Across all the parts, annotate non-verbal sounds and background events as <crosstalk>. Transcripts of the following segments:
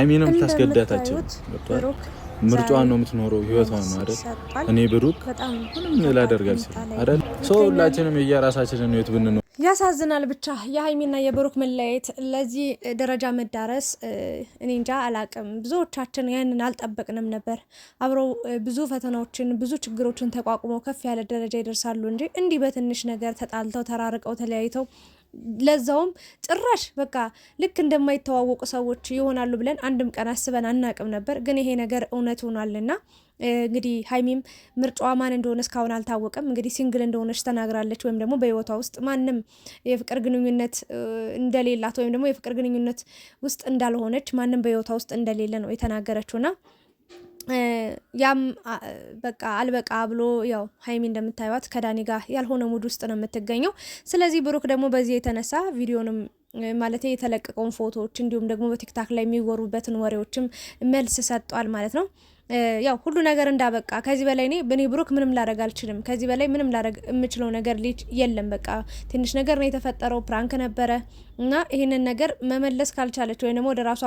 አይሜንም ታስገዳታቸው ምርጫዋን ነው የምትኖረው፣ ህይወቷን ነው አይደል? እኔ ብሩክ ምንም ላደርግ ሲል አይደል? ሰው ሁላችንም የየራሳችንን ህይወት ብንኖር ያሳዝናል። ብቻ የሀይሚና የብሩክ መለያየት ለዚህ ደረጃ መዳረስ እኔ እንጃ አላቅም። ብዙዎቻችን ያንን አልጠበቅንም ነበር። አብረው ብዙ ፈተናዎችን ብዙ ችግሮችን ተቋቁመው ከፍ ያለ ደረጃ ይደርሳሉ እንጂ እንዲህ በትንሽ ነገር ተጣልተው ተራርቀው ተለያይተው ለዛውም ጭራሽ በቃ ልክ እንደማይተዋወቁ ሰዎች ይሆናሉ ብለን አንድም ቀን አስበን አናቅም ነበር። ግን ይሄ ነገር እውነት ሆኗልና እንግዲህ ሀይሚም ምርጫዋ ማን እንደሆነ እስካሁን አልታወቀም። እንግዲህ ሲንግል እንደሆነች ተናግራለች። ወይም ደግሞ በህይወቷ ውስጥ ማንም የፍቅር ግንኙነት እንደሌላት ወይም ደግሞ የፍቅር ግንኙነት ውስጥ እንዳልሆነች ማንም በህይወቷ ውስጥ እንደሌለ ነው የተናገረችውና ያም በቃ አልበቃ ብሎ ያው ሀይሚ እንደምታዩት ከዳኒ ጋር ያልሆነ ሙድ ውስጥ ነው የምትገኘው። ስለዚህ ብሩክ ደግሞ በዚህ የተነሳ ቪዲዮንም ማለት የተለቀቀውን ፎቶዎች እንዲሁም ደግሞ በቲክታክ ላይ የሚወሩበትን ወሬዎችም መልስ ሰጧል ማለት ነው። ያው ሁሉ ነገር እንዳበቃ ከዚህ በላይ እኔ እኔ ብሩክ ምንም ላደረግ አልችልም። ከዚህ በላይ ምንም ላደረግ የምችለው ነገር ልጅ የለም። በቃ ትንሽ ነገር ነው የተፈጠረው፣ ፕራንክ ነበረ እና ይህንን ነገር መመለስ ካልቻለች ወይም ደግሞ ወደ ራሷ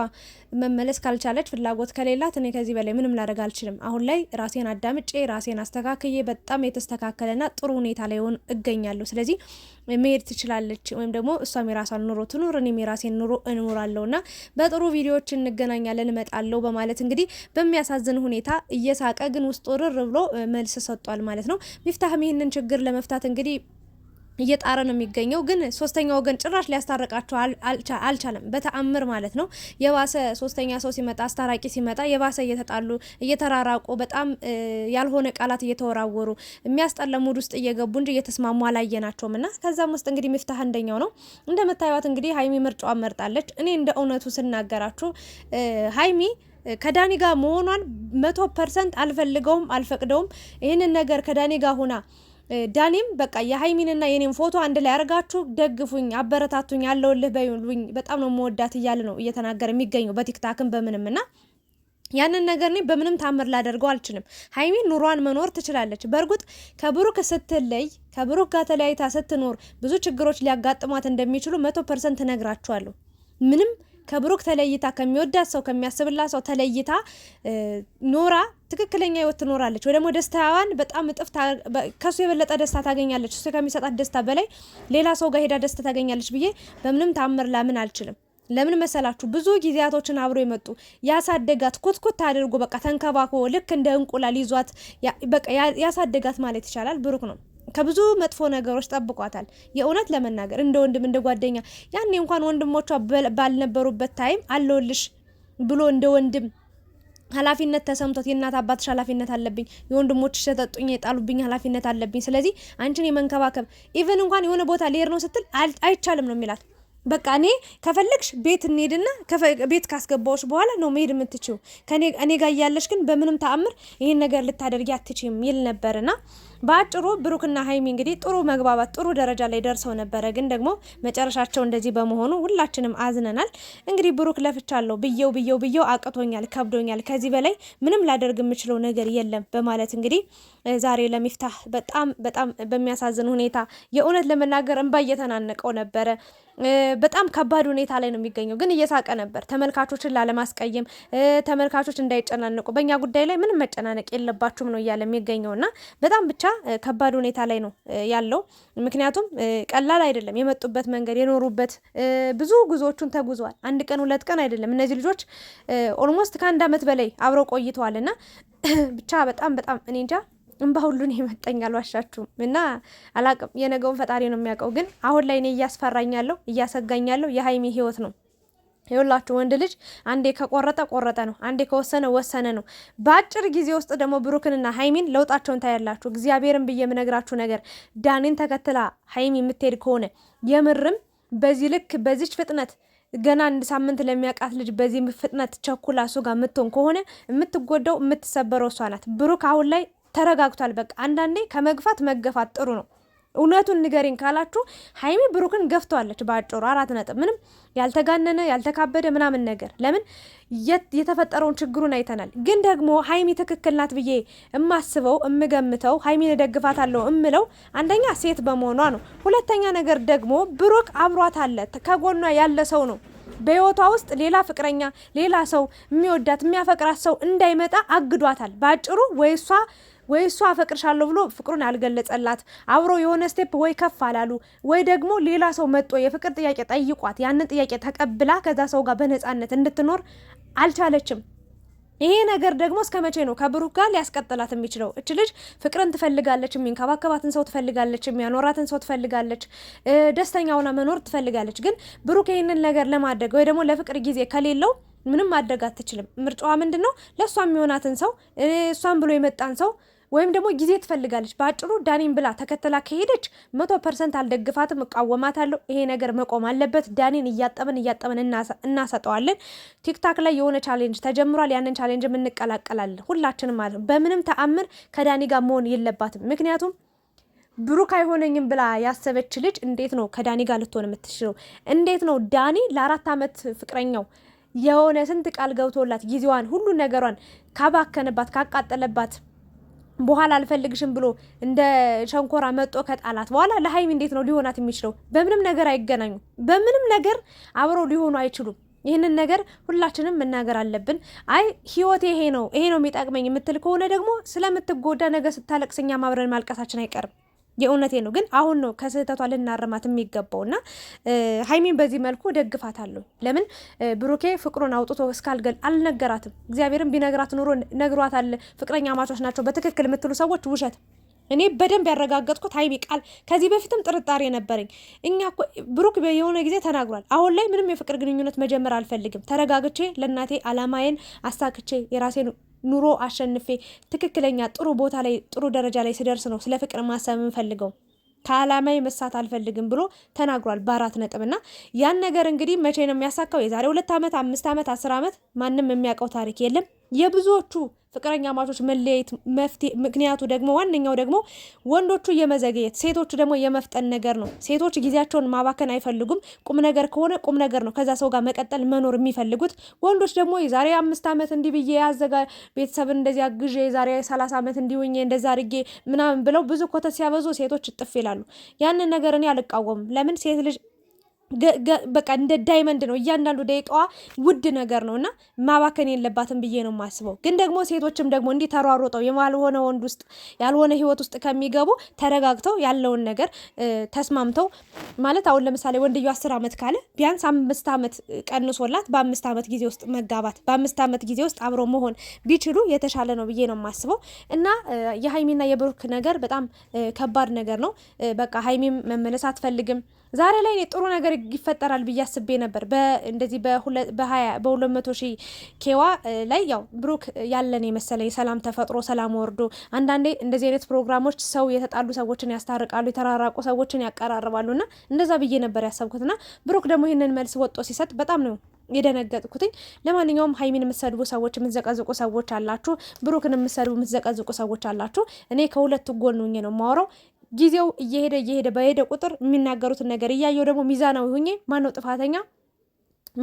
መመለስ ካልቻለች ፍላጎት ከሌላት እኔ ከዚህ በላይ ምንም ላደርግ አልችልም። አሁን ላይ ራሴን አዳምጬ ራሴን አስተካክዬ በጣም የተስተካከለና ጥሩ ሁኔታ ላይ እገኛለሁ። ስለዚህ መሄድ ትችላለች፣ ወይም ደግሞ እሷም የራሷን ኑሮ ትኑር፣ እኔም የራሴን ኑሮ እኖራለሁ እና በጥሩ ቪዲዮዎች እንገናኛለን እመጣለሁ በማለት እንግዲህ በሚያሳዝን ሁኔታ እየሳቀ ግን ውስጥ ርር ብሎ መልስ ሰጧል ማለት ነው። ሚፍታህም ይህንን ችግር ለመፍታት እንግዲህ እየጣረ ነው የሚገኘው። ግን ሶስተኛ ወገን ጭራሽ ሊያስታርቃቸው አልቻለም፣ በተአምር ማለት ነው። የባሰ ሶስተኛ ሰው ሲመጣ አስታራቂ ሲመጣ የባሰ እየተጣሉ እየተራራቁ በጣም ያልሆነ ቃላት እየተወራወሩ የሚያስጠላ ሙድ ውስጥ እየገቡ እንጂ እየተስማሙ አላየናቸውም። እና ከዛም ውስጥ እንግዲህ ሚፍታህ አንደኛው ነው። እንደምታዩት እንግዲህ ሀይሚ ምርጫዋን መርጣለች። እኔ እንደ እውነቱ ስናገራችሁ ሀይሚ ከዳኒ ጋር መሆኗን መቶ ፐርሰንት አልፈልገውም፣ አልፈቅደውም። ይህንን ነገር ከዳኒ ጋር ሁና ዳኒም በቃ የሀይሚንና የኔን ፎቶ አንድ ላይ አርጋችሁ ደግፉኝ፣ አበረታቱኝ፣ አለሁልህ በሉኝ፣ በጣም ነው መወዳት እያለ ነው እየተናገረ የሚገኘው በቲክታክም በምንም እና ያንን ነገር እኔ በምንም ታምር ላደርገው አልችልም። ሀይሚ ኑሯን መኖር ትችላለች። በእርግጥ ከብሩክ ስትለይ ከብሩክ ጋር ተለያይታ ስትኖር ብዙ ችግሮች ሊያጋጥሟት እንደሚችሉ መቶ ፐርሰንት ነግራችኋለሁ። ምንም ከብሩክ ተለይታ ከሚወዳት ሰው ከሚያስብላት ሰው ተለይታ ኖራ ትክክለኛ ህይወት ትኖራለች፣ ወይ ደግሞ ደስታዋን በጣም እጥፍ ከሱ የበለጠ ደስታ ታገኛለች። እሱ ከሚሰጣት ደስታ በላይ ሌላ ሰው ጋር ሄዳ ደስታ ታገኛለች ብዬ በምንም ታምር ላምን አልችልም። ለምን መሰላችሁ? ብዙ ጊዜያቶችን አብሮ የመጡ ያሳደጋት ኩትኩት አድርጎ በቃ ተንከባክቦ ልክ እንደ እንቁላል ይዟት በቃ ያሳደጋት ማለት ይቻላል ብሩክ ነው። ከብዙ መጥፎ ነገሮች ጠብቋታል። የእውነት ለመናገር እንደ ወንድም እንደ ጓደኛ ያኔ እንኳን ወንድሞቿ ባልነበሩበት ታይም አለውልሽ ብሎ እንደ ወንድም ኃላፊነት ተሰምቶት የእናት አባትሽ ኃላፊነት አለብኝ፣ የወንድሞችሽ ተጠጡኝ የጣሉብኝ ኃላፊነት አለብኝ፣ ስለዚህ አንቺን የመንከባከብ ኢቨን እንኳን የሆነ ቦታ ሊሄድ ነው ስትል አይቻልም ነው የሚላት በቃ እኔ ከፈለግሽ ቤት እንሄድና ቤት ካስገባዎች በኋላ ነው መሄድ የምትችው። እኔ ጋር እያለሽ ግን በምንም ተአምር ይህን ነገር ልታደርጊ አትችም ይል ነበርና በአጭሩ ብሩክና ሀይሚ እንግዲህ ጥሩ መግባባት ጥሩ ደረጃ ላይ ደርሰው ነበረ። ግን ደግሞ መጨረሻቸው እንደዚህ በመሆኑ ሁላችንም አዝነናል። እንግዲህ ብሩክ ለፍቻለሁ ብየው ብየው ብየው አቅቶኛል፣ ከብዶኛል፣ ከዚህ በላይ ምንም ላደርግ የምችለው ነገር የለም በማለት እንግዲህ ዛሬ ለሚፍታህ በጣም በጣም በሚያሳዝን ሁኔታ የእውነት ለመናገር እንባ እየተናነቀው ነበረ። በጣም ከባድ ሁኔታ ላይ ነው የሚገኘው። ግን እየሳቀ ነበር ተመልካቾችን ላለማስቀየም፣ ተመልካቾች እንዳይጨናነቁ በእኛ ጉዳይ ላይ ምንም መጨናነቅ የለባችሁም ነው እያለ የሚገኘው እና በጣም ብቻ ከባድ ሁኔታ ላይ ነው ያለው። ምክንያቱም ቀላል አይደለም የመጡበት መንገድ የኖሩበት ብዙ ጉዞዎቹን ተጉዘዋል። አንድ ቀን ሁለት ቀን አይደለም። እነዚህ ልጆች ኦልሞስት ከአንድ አመት በላይ አብረው ቆይተዋል እና <clears throat> ብቻ በጣም በጣም እኔ እንጃ እምባ ሁሉን የመጣኝ አልዋሻችሁም። እና አላቅም የነገውን ፈጣሪ ነው የሚያውቀው። ግን አሁን ላይ እኔ እያስፈራኛለሁ እያሰጋኛለሁ የሀይሚ ህይወት ነው። የሁላችሁ ወንድ ልጅ አንዴ ከቆረጠ ቆረጠ ነው፣ አንዴ ከወሰነ ወሰነ ነው። በአጭር ጊዜ ውስጥ ደግሞ ብሩክንና ሀይሚን ለውጣቸውን ታያላችሁ። እግዚአብሔርን ብዬ የምነግራችሁ ነገር ዳኔን ተከትላ ሀይሚ የምትሄድ ከሆነ የምርም በዚህ ልክ በዚች ፍጥነት ገና አንድ ሳምንት ለሚያውቃት ልጅ በዚህ ፍጥነት ቸኩላ እሱ ጋር የምትሆን ከሆነ የምትጎዳው የምትሰበረው እሷ ናት። ብሩክ አሁን ላይ ተረጋግቷል። በቃ አንዳንዴ ከመግፋት መገፋት ጥሩ ነው። እውነቱን ንገሪን ካላችሁ ሀይሚ ብሩክን ገፍተዋለች። በአጭሩ አራት ነጥብ። ምንም ያልተጋነነ ያልተካበደ ምናምን ነገር ለምን የተፈጠረውን ችግሩን አይተናል። ግን ደግሞ ሀይሚ ትክክል ናት ብዬ እማስበው እምገምተው፣ ሀይሚን እደግፋታለሁ እምለው አንደኛ ሴት በመሆኗ ነው። ሁለተኛ ነገር ደግሞ ብሩክ አብሯት አለ፣ ከጎኗ ያለ ሰው ነው። በህይወቷ ውስጥ ሌላ ፍቅረኛ፣ ሌላ ሰው የሚወዳት የሚያፈቅራት ሰው እንዳይመጣ አግዷታል። በአጭሩ ወይ እሷ ወይ እሷ አፈቅርሻለሁ ብሎ ፍቅሩን ያልገለጸላት አብሮ የሆነ ስቴፕ ወይ ከፍ አላሉ ወይ ደግሞ ሌላ ሰው መጦ የፍቅር ጥያቄ ጠይቋት ያንን ጥያቄ ተቀብላ ከዛ ሰው ጋር በነፃነት እንድትኖር አልቻለችም። ይሄ ነገር ደግሞ እስከ መቼ ነው ከብሩክ ጋር ሊያስቀጥላት የሚችለው? እች ልጅ ፍቅርን ትፈልጋለች፣ የሚንከባከባትን ሰው ትፈልጋለች፣ የሚያኖራትን ሰው ትፈልጋለች፣ ደስተኛ ሆና መኖር ትፈልጋለች። ግን ብሩክ ይህንን ነገር ለማድረግ ወይ ደግሞ ለፍቅር ጊዜ ከሌለው ምንም ማድረግ አትችልም። ምርጫዋ ምንድን ነው? ለእሷ የሚሆናትን ሰው እሷን ብሎ የመጣን ሰው ወይም ደግሞ ጊዜ ትፈልጋለች። በአጭሩ ዳኒን ብላ ተከትላ ከሄደች መቶ ፐርሰንት አልደግፋትም፣ እቃወማታለሁ። ይሄ ነገር መቆም አለበት። ዳኒን እያጠብን እያጠብን እናሰጠዋለን። ቲክታክ ላይ የሆነ ቻሌንጅ ተጀምሯል። ያንን ቻሌንጅ እንቀላቀላለን ሁላችንም ማለት ነው። በምንም ተአምር ከዳኒ ጋር መሆን የለባትም። ምክንያቱም ብሩክ አይሆነኝም ብላ ያሰበች ልጅ እንዴት ነው ከዳኒ ጋር ልትሆን የምትችለው? እንዴት ነው ዳኒ ለአራት ዓመት ፍቅረኛው የሆነ ስንት ቃል ገብቶላት ጊዜዋን ሁሉ ነገሯን ካባከነባት ካቃጠለባት በኋላ አልፈልግሽም ብሎ እንደ ሸንኮራ መጦ ከጣላት በኋላ ለሀይሚ እንዴት ነው ሊሆናት የሚችለው? በምንም ነገር አይገናኙ፣ በምንም ነገር አብረው ሊሆኑ አይችሉም። ይህንን ነገር ሁላችንም መናገር አለብን። አይ ህይወት ይሄ ነው ይሄ ነው የሚጠቅመኝ የምትል ከሆነ ደግሞ ስለምትጎዳ ነገ እኛም ማብረን ማልቀሳችን አይቀርም። የእውነቴ ነው። ግን አሁን ነው ከስህተቷ ልናረማት የሚገባው እና ሀይሚን በዚህ መልኩ ደግፋታለሁ። ለምን ብሩኬ ፍቅሩን አውጥቶ እስካልገል አልነገራትም። እግዚአብሔርም ቢነግራት ኑሮ ነግሯታል። ፍቅረኛ ማቾች ናቸው በትክክል የምትሉ ሰዎች ውሸት። እኔ በደንብ ያረጋገጥኩት ሀይሚ ቃል ከዚህ በፊትም ጥርጣሬ ነበረኝ። እኛ ብሩክ የሆነ ጊዜ ተናግሯል። አሁን ላይ ምንም የፍቅር ግንኙነት መጀመር አልፈልግም፣ ተረጋግቼ ለእናቴ አላማዬን አሳክቼ የራሴን ኑሮ አሸንፌ ትክክለኛ ጥሩ ቦታ ላይ ጥሩ ደረጃ ላይ ስደርስ ነው ስለ ፍቅር ማሰብ የምፈልገው ከዓላማዬ መሳት አልፈልግም ብሎ ተናግሯል በአራት ነጥብ እና ያን ነገር እንግዲህ መቼ ነው የሚያሳካው? የዛሬ ሁለት ዓመት፣ አምስት ዓመት፣ አስር ዓመት ማንም የሚያውቀው ታሪክ የለም። የብዙዎቹ ፍቅረኛ ማቾች መለያየት ምክንያቱ ደግሞ ዋነኛው ደግሞ ወንዶቹ የመዘገየት ሴቶቹ ደግሞ የመፍጠን ነገር ነው። ሴቶች ጊዜያቸውን ማባከን አይፈልጉም። ቁም ነገር ከሆነ ቁም ነገር ነው ከዛ ሰው ጋር መቀጠል መኖር የሚፈልጉት። ወንዶች ደግሞ የዛሬ አምስት ዓመት እንዲህ ብዬ ያዘጋ ቤተሰብን እንደዚህ አግዤ የዛሬ ሰላሳ ዓመት እንዲሁኝ እንደዛ አድርጌ ምናምን ብለው ብዙ ኮተት ሲያበዙ ሴቶች እጥፍ ይላሉ። ያንን ነገር እኔ አልቃወምም። ለምን ሴት ልጅ በቃ እንደ ዳይመንድ ነው። እያንዳንዱ ደቂቃዋ ውድ ነገር ነው እና ማባከን የለባትም ብዬ ነው የማስበው። ግን ደግሞ ሴቶችም ደግሞ እንዲህ ተሯሮጠው ያልሆነ ወንድ ውስጥ ያልሆነ ህይወት ውስጥ ከሚገቡ ተረጋግተው ያለውን ነገር ተስማምተው ማለት አሁን ለምሳሌ ወንድዩ አስር ዓመት ካለ ቢያንስ አምስት ዓመት ቀንሶላት በአምስት ዓመት ጊዜ ውስጥ መጋባት በአምስት ዓመት ጊዜ ውስጥ አብሮ መሆን ቢችሉ የተሻለ ነው ብዬ ነው የማስበው እና የሀይሚና የብሩክ ነገር በጣም ከባድ ነገር ነው። በቃ ሀይሚም መመለስ አትፈልግም ዛሬ ላይ እኔ ጥሩ ነገር ይፈጠራል ብዬ አስቤ ነበር። እንደዚህ በሁለት መቶ ሺህ ኬዋ ላይ ያው ብሩክ ያለን የመሰለኝ ሰላም ተፈጥሮ ሰላም ወርዶ፣ አንዳንዴ እንደዚህ አይነት ፕሮግራሞች ሰው የተጣሉ ሰዎችን ያስታርቃሉ፣ የተራራቁ ሰዎችን ያቀራርባሉ። ና እንደዛ ብዬ ነበር ያሰብኩት። ና ብሩክ ደግሞ ይህንን መልስ ወጦ ሲሰጥ በጣም ነው የደነገጥኩትኝ። ለማንኛውም ሀይሚን የምትሰድቡ ሰዎች፣ የምትዘቀዝቁ ሰዎች አላችሁ፣ ብሩክን የምትሰድቡ የምትዘቀዝቁ ሰዎች አላችሁ። እኔ ከሁለቱ ጎን ነው የማወራው። ጊዜው እየሄደ እየሄደ በሄደ ቁጥር የሚናገሩትን ነገር እያየው ደግሞ ሚዛናዊ ሁኜ ማነው ጥፋተኛ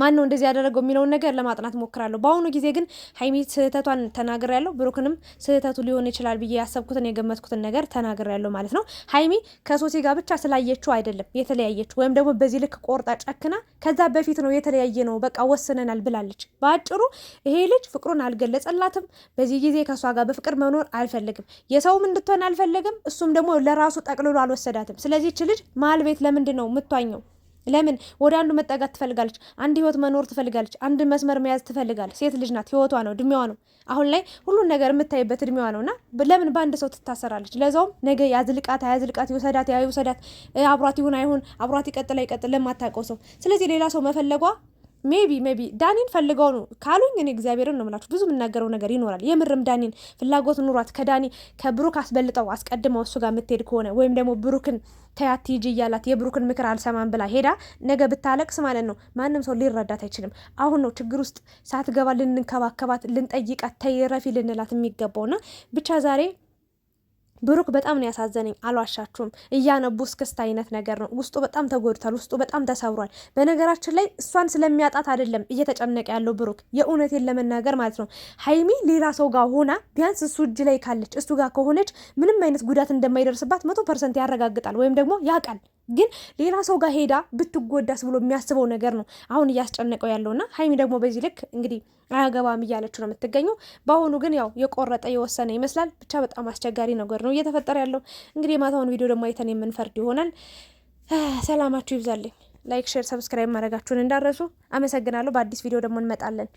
ማን ነው እንደዚህ ያደረገው የሚለውን ነገር ለማጥናት ሞክራለሁ። በአሁኑ ጊዜ ግን ሀይሚ ስህተቷን ተናግር ያለው ብሩክንም ስህተቱ ሊሆን ይችላል ብዬ ያሰብኩትን የገመትኩትን ነገር ተናግር ያለው ማለት ነው። ሀይሚ ከሶሲ ጋር ብቻ ስላየችው አይደለም የተለያየችው፣ ወይም ደግሞ በዚህ ልክ ቆርጣ ጨክና ከዛ በፊት ነው የተለያየ ነው በቃ ወስነናል ብላለች። በአጭሩ ይሄ ልጅ ፍቅሩን አልገለጸላትም። በዚህ ጊዜ ከእሷ ጋር በፍቅር መኖር አልፈልግም፣ የሰውም እንድትሆን አልፈልግም እሱም ደግሞ ለራሱ ጠቅልሎ አልወሰዳትም። ስለዚህች ልጅ መሀል ቤት ለምንድን ነው የምቷኘው? ለምን ወደ አንዱ መጠጋት ትፈልጋለች? አንድ ህይወት መኖር ትፈልጋለች። አንድ መስመር መያዝ ትፈልጋለች። ሴት ልጅ ናት፣ ህይወቷ ነው፣ እድሜዋ ነው። አሁን ላይ ሁሉን ነገር የምታይበት እድሜዋ ነው እና ለምን በአንድ ሰው ትታሰራለች? ለዛውም ነገ ያዝልቃት አያዝልቃት፣ ይውሰዳት አይውሰዳት፣ አብሯት ይሁን አይሁን፣ አብሯት ይቀጥል አይቀጥል፣ ለማታውቀው ሰው። ስለዚህ ሌላ ሰው መፈለጓ ሜቢ ሜቢ ዳኒን ፈልገው ነው ካሉኝ እኔ እግዚአብሔርን ነው የምላችሁ። ብዙ የምናገረው ነገር ይኖራል። የምርም ዳኒን ፍላጎት ኑሯት ከዳኒ ከብሩክ አስበልጠው አስቀድመው እሱ ጋር የምትሄድ ከሆነ ወይም ደግሞ ብሩክን ተያት ሂጂ እያላት የብሩክን ምክር አልሰማም ብላ ሄዳ ነገ ብታለቅስ ማለት ነው ማንም ሰው ሊረዳት አይችልም። አሁን ነው ችግር ውስጥ ሳትገባ ልንንከባከባት፣ ልንጠይቃት፣ ተይረፊ ልንላት የሚገባውና ብቻ ዛሬ ብሩክ በጣም ነው ያሳዘነኝ፣ አልዋሻችሁም። እያነቡ እስክስት አይነት ነገር ነው። ውስጡ በጣም ተጎድቷል፣ ውስጡ በጣም ተሰብሯል። በነገራችን ላይ እሷን ስለሚያጣት አይደለም እየተጨነቀ ያለው ብሩክ፣ የእውነቴን ለመናገር ማለት ነው። ሀይሚ ሌላ ሰው ጋር ሆና ቢያንስ እሱ እጅ ላይ ካለች እሱ ጋር ከሆነች ምንም አይነት ጉዳት እንደማይደርስባት መቶ ፐርሰንት ያረጋግጣል ወይም ደግሞ ያውቃል። ግን ሌላ ሰው ጋር ሄዳ ብትጎዳስ ብሎ የሚያስበው ነገር ነው አሁን እያስጨነቀው ያለውና ሀይሚ ደግሞ በዚህ ልክ እንግዲህ አያገባም እያለችው ነው የምትገኘው። በአሁኑ ግን ያው የቆረጠ የወሰነ ይመስላል። ብቻ በጣም አስቸጋሪ ነገር ነው እየተፈጠረ ያለው። እንግዲህ የማታውን ቪዲዮ ደግሞ አይተን የምንፈርድ ይሆናል። ሰላማችሁ ይብዛልኝ። ላይክ፣ ሼር፣ ሰብስክራይብ ማድረጋችሁን እንዳረሱ። አመሰግናለሁ። በአዲስ ቪዲዮ ደግሞ እንመጣለን።